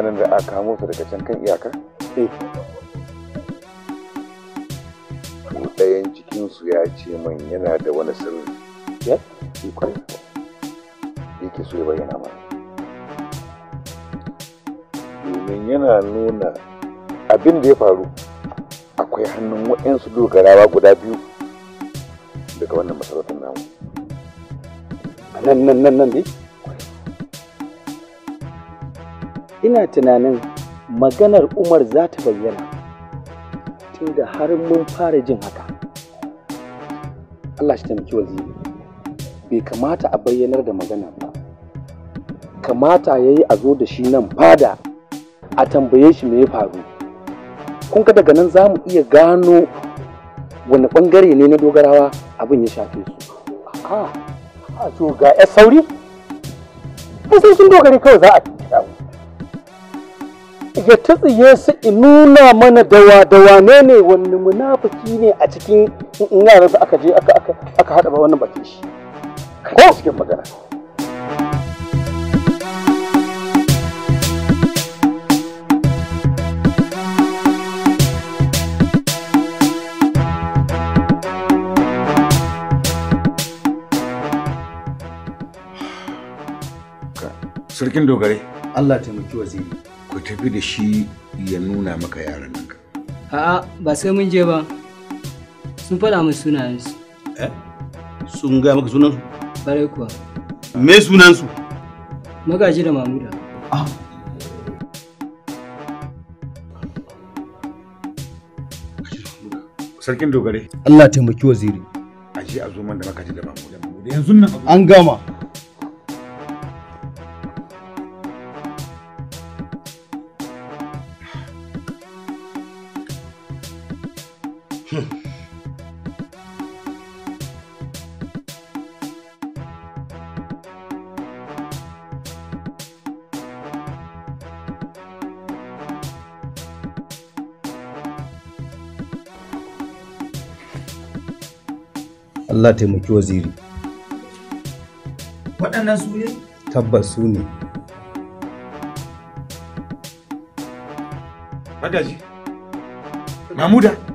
mutanen da aka kamo su daga can kan iyakar? Eh. Ɗayan cikinsu ya ce man yana da wani sirri. Ya? Ikon. Yake so ya bayyana ma. Domin yana nuna abin da ya faru akwai hannun waɗansu dogarawa guda biyu daga wannan masarautar namu. Nan nan nan nan dai? ina tunanin maganar umar za ta bayyana tunda har mun fara jin haka allah shi taimaki waziri bai kamata a bayyanar da magana ba kamata ya yi a zo da shi nan fada a tambaye shi me faru kun ka daga nan za mu iya gano wani ɓangare ne na dogarawa abin ya shafe su a to ga sauri sun dogare kawai za a ya ta su in nuna mana dawa dawa ne ne wani munafiki ne a cikin yaran da aka je aka haɗa ba wannan bakin shi ko cikin magana Sarkin dogare. Allah taimaki waziri. tafi da shi ya nuna maka yaran nan a'a ba sai mun je ba sun faɗa min sunayensu eh sun ga maka sunansu bare kuwa me sunansu magaji da mamuda ah sarkin dogare Allah taimaki waziri aje a zo man da magaji da mamuda yanzu nan an gama Allah taimaki waziri. Waɗannan su ne? Tabbas su ne. Madaji, Mamuda.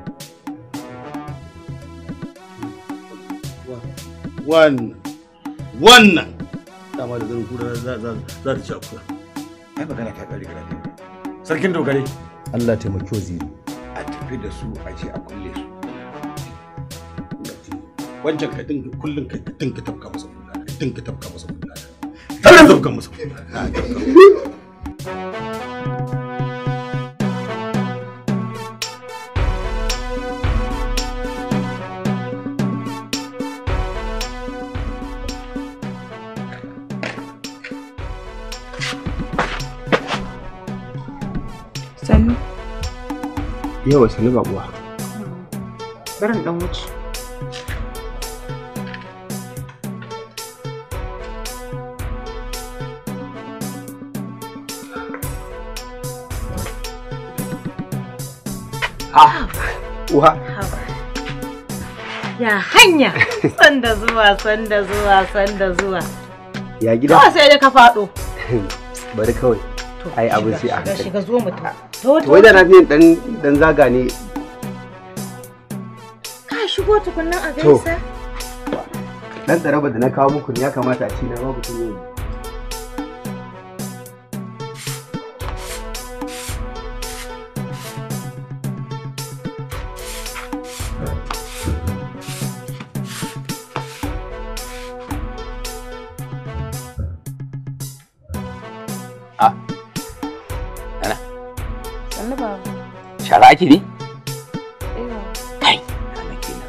wannan wannan dama da ganin kura za ta ci akuya ai magana ta kare gara sarkin dogare Allah taimake waziri a tafi da su a ce a kulle su wancan ka dinga kullun ka dinga tafka masa kullun ka dinga tafka masa kullun ka dinga tafka masa kullun ba sani babuwa barin dan wuce Ha! uha. Ya hanya, da zuwa, da zuwa, da zuwa. Ya gida? Kawai sai da ka faɗo. Bari kawai. Ai abin sai a hankali. Shiga zuwa mutum. to wai da na dan dan zaga ne ka shigo tukunnan a gaisa dan tsaraba da na kawo muku ya kamata a ci na babu tukunnan bara ne? Kai, kenan.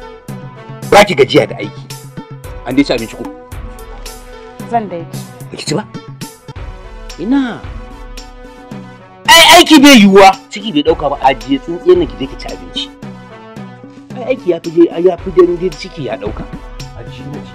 Ba ki gajiya da aiki. An dai ci abinci ko? Zan dai ci. Ba ki ci ba? Ina. Ai aiki bai yiwuwa, ciki bai dauka ba ajiye tun nan ki je ki ci abinci. Ai aiki ya fi je ya fi ciki ya dauka. Ajiye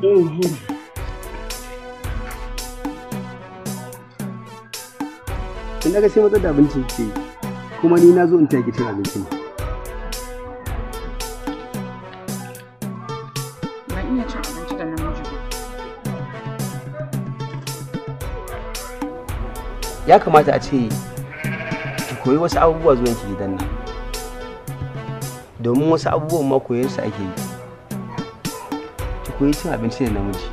Uhum. Tun daga sai matsar da abincin ke kuma ni na zo in take cin abincin. abinci Ya kamata a ce ki koyi wasu abubuwa zuwa ki gidan nan. domin wasu abubuwan ma su ake yi ki koyi cin abinci da namiji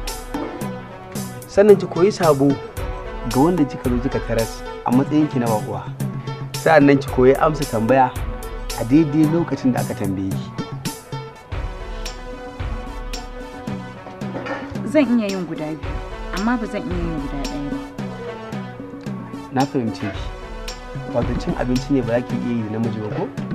sannan ki koyi sabo ga wanda kika zo kika taras a matsayin ki na bakuwa sa'annan ki koyi amsa tambaya a daidai lokacin da aka tambaye ki zan iya yin guda biyu amma ba zan iya yin guda ɗaya ba na fahimce ki wato cin abinci ne ba za ki iya yi da namiji ba ko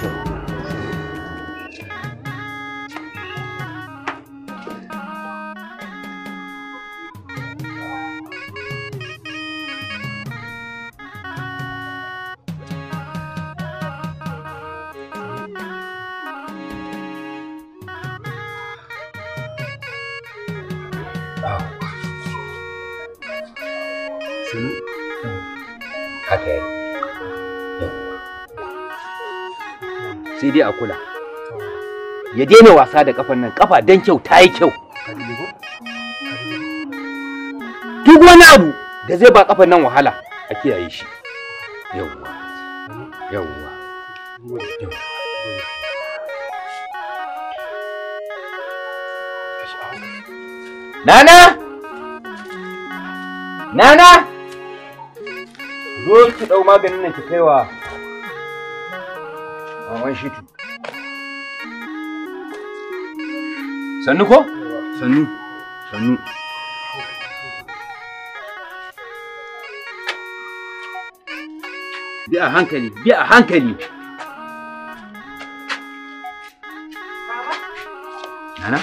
Thank you. je a kula ya daina wasa da kafan nan kafa dan kyau ta yi kyau duk wani abu da zai ba kafan nan wahala a kiyaye shi yawwa yawwa Nana! Nana! Zo ki ɗau maganin nan ki kaiwa maman tu. sannu ko sannu sannu bi a hankali bi a hankali nana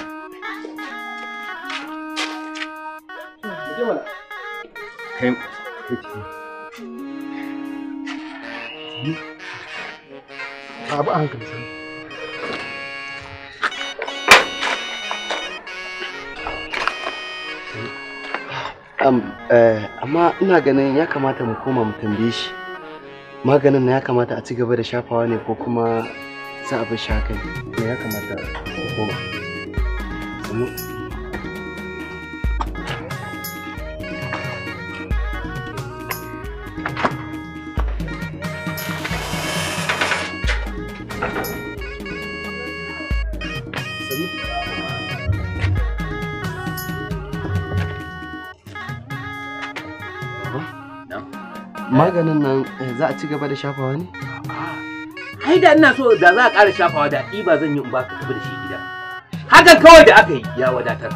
kai abu a Eh, amma ina ganin ya kamata mu koma mu tambaye shi maganin na ya kamata a ci gaba da shafawa ne ko kuma za a bi shakali ya kamata mu koma maganin nan eh, za a ci gaba da shafawa ne? Ai da ina so da za a ƙara shafawa da ba zan yi in ba ka da shi gida. Hakan kawai da aka yi ya wadatar.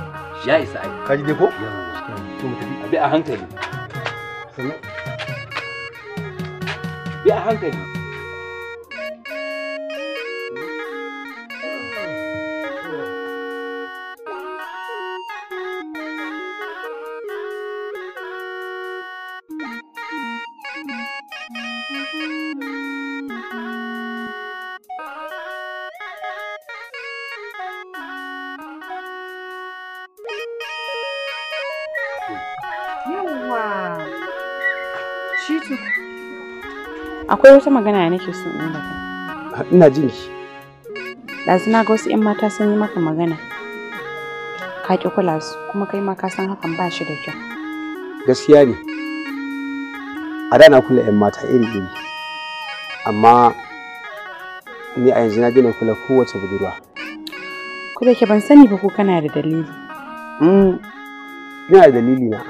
Ya isa ai. Ka ji dai ko? Bi a hankali. Bi a hankali. akwai wata magana ya nake son in da kai ina jin shi. ɗazu na ga wasu 'yan mata sun yi maka magana ka ƙi kula su kuma kai ma ka san hakan ba shi da kyau gaskiya ne a da na kula 'yan mata iri iri amma ni a yanzu na gina kula kowace budurwa ku da ke ban sani ba ko kana da dalili mm, ina da dalili na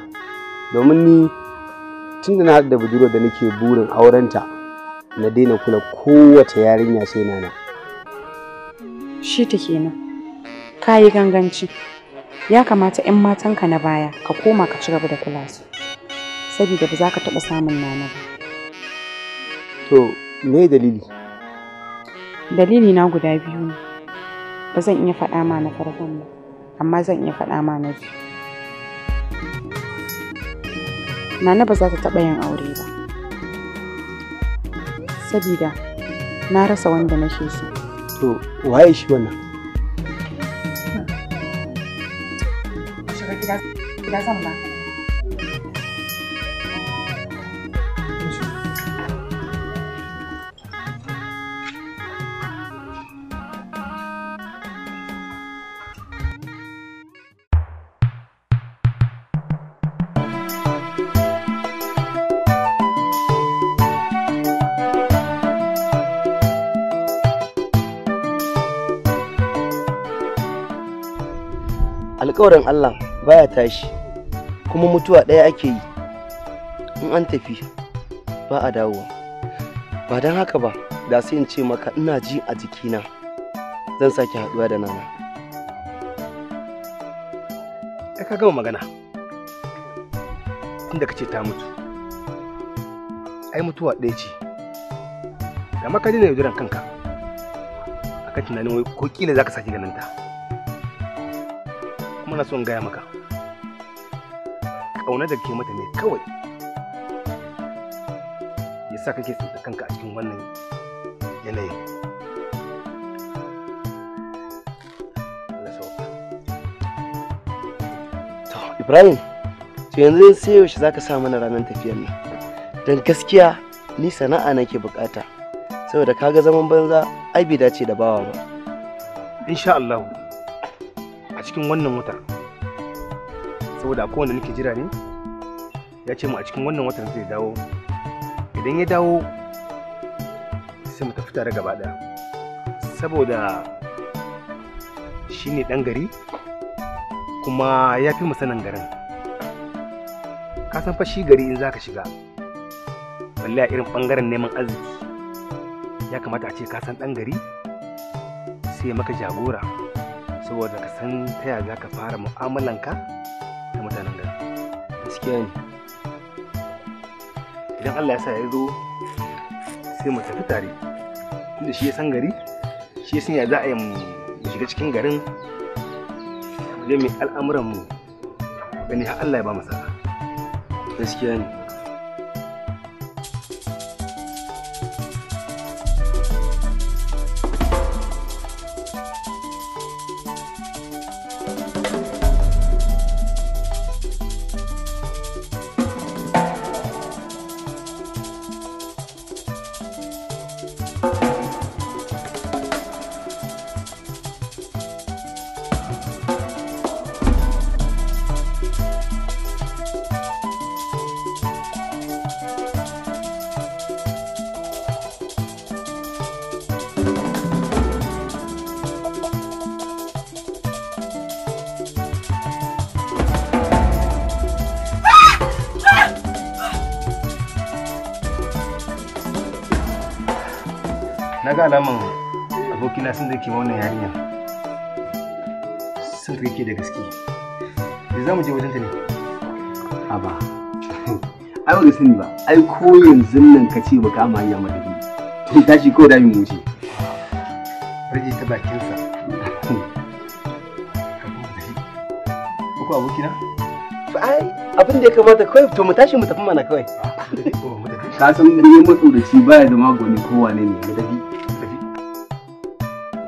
domin ni tun da na da budurwa da nake burin aurenta na daina kula kowace yarinya sai nana shi ta kenan ka yi ganganci ya kamata 'yan matanka na baya ka koma ka ci gaba da kula su saboda ba za ka taɓa samun nana ba to me dalili dalili na guda biyu ne ba zan iya faɗa ma na farkon ba amma zan iya faɗa ma na biyu nana ba za ta taɓa yin aure ba saboda na rasa wanda na so. To, waye shi wannan? Shiga gida zan ba. alkawarin Allah baya tashi kuma mutuwa ɗaya ake yi in an tafi ba a dawowa ba don haka ba da sai in ce maka ina ji a jikina zan sake haɗuwa da nana ya ka gama magana inda ka ce ta mutu ai mutuwa ɗaya ce da maka daina yaudaran kanka a kan tunanin wai ko kila za ka sake ganin ta ana son gaya maka kauna da ke mata ne kawai ya sa kake tsinta kanka a cikin wannan yanayin ibrahim to yanzu sai yaushe za ka sa mana ranar tafiyar nan don gaskiya ni sana'a nake bukata saboda kaga zaman banza ai bai dace da bawa ba insha Allah a cikin wannan wata saboda akwai wanda nake jira ne ya ce mu a cikin wannan watan zai dawo idan ya dawo sai mu tafi tare gaba ɗaya saboda shi ne ɗan gari kuma ya fi sanin garin ka san fa shi gari in za ka shiga balle a irin ɓangaren neman arziki ya kamata a ce ka san ɗan gari sai maka jagora saboda ka san ta yaya za ka fara mu'amalanka mutanen gari idan Allah ya sa ya zo sai mu tafi tare tunda shi ya san gari shi za a yi mu shiga cikin garin mu je mu al'amuran mu gani har Allah ya ba mu sa'a ga alaman abokina sun zai ke wannan yarinyar sun rike da gaske da za mu je wajen ta ne a ba ai ba sani ba ai ko yanzu nan ka ce ba kama hanya madadi tun tashi ko da mu wuce rage ta bakinsa ko abokina ai abin da ya kamata kawai to mu tashi mu tafi mana kawai ah, ka san ne matsoraci baya zama gwani kowa ne ne madadi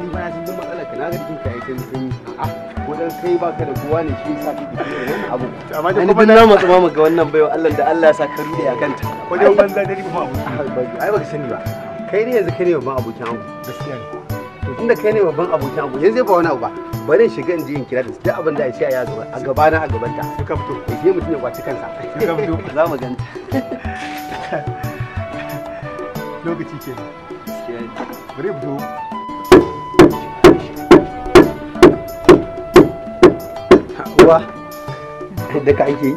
ni ba na san duk ka jikin ka yake sun ko dan kai da kowa ne shi yasa kake abu amma kuma na ga wannan Allah da Allah ya sa ka rude a kanta ba abu ai baka sani ba kai ne yanzu kai ne babban abokin abu gaskiya ne to tunda kai ne babban abokin yanzu ba wani abu ba bari shiga in je in kira da duk abin da ya ce a gaba a gaba na a gaban ta ka fito sai mutum ya kwaci kansa ka fito za mu ganta lokaci bari mu ba da ka ake yi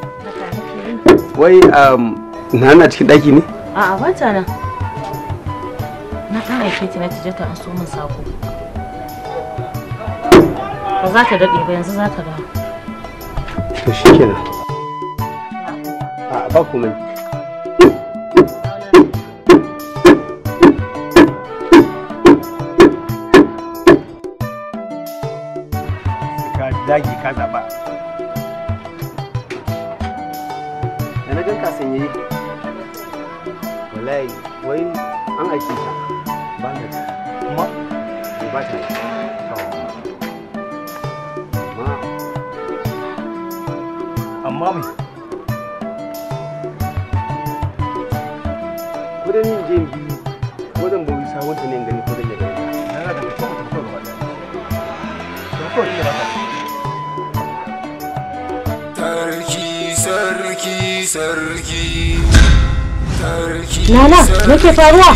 wai um, na na cikin ɗaki ne a'a ba nan na ɗan aike ta na tije ta an so min sako ba za ta daɗe ba yanzu za ta dawo to shikenan a ba komai bari ni je bi ko zan bari sawun ta ne gani ko zan yi gani na ga ko ko ko sarki sarki me ke faruwa?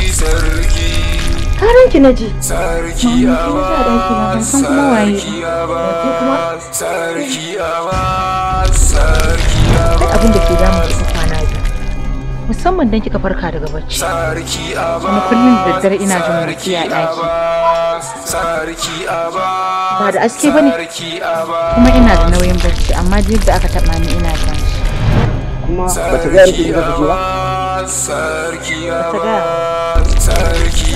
na ji. Sarki Sarki Sarki Sarki abin da ke damu musamman dan kika farka daga bacci kuma kullum da daddare ina jin motsi a ɗaki ba da aske bane kuma ina da nauyin bacci amma duk da aka taɓa ni ina jin shi kuma ba ta gaya miki da ta ba ba ta gaya sarki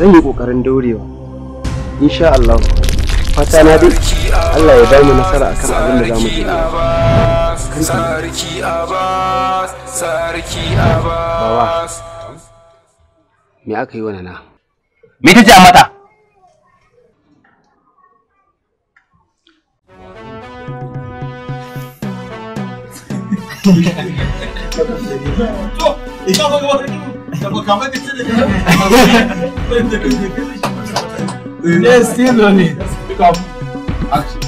zan yi kokarin daurewa insha Allah fata na dai Allah ya ba mu nasara akan abin da za mu je sarki abbas sarki abbas me aka yi wa nana me ta a mata Yes, still on it. Come. Action.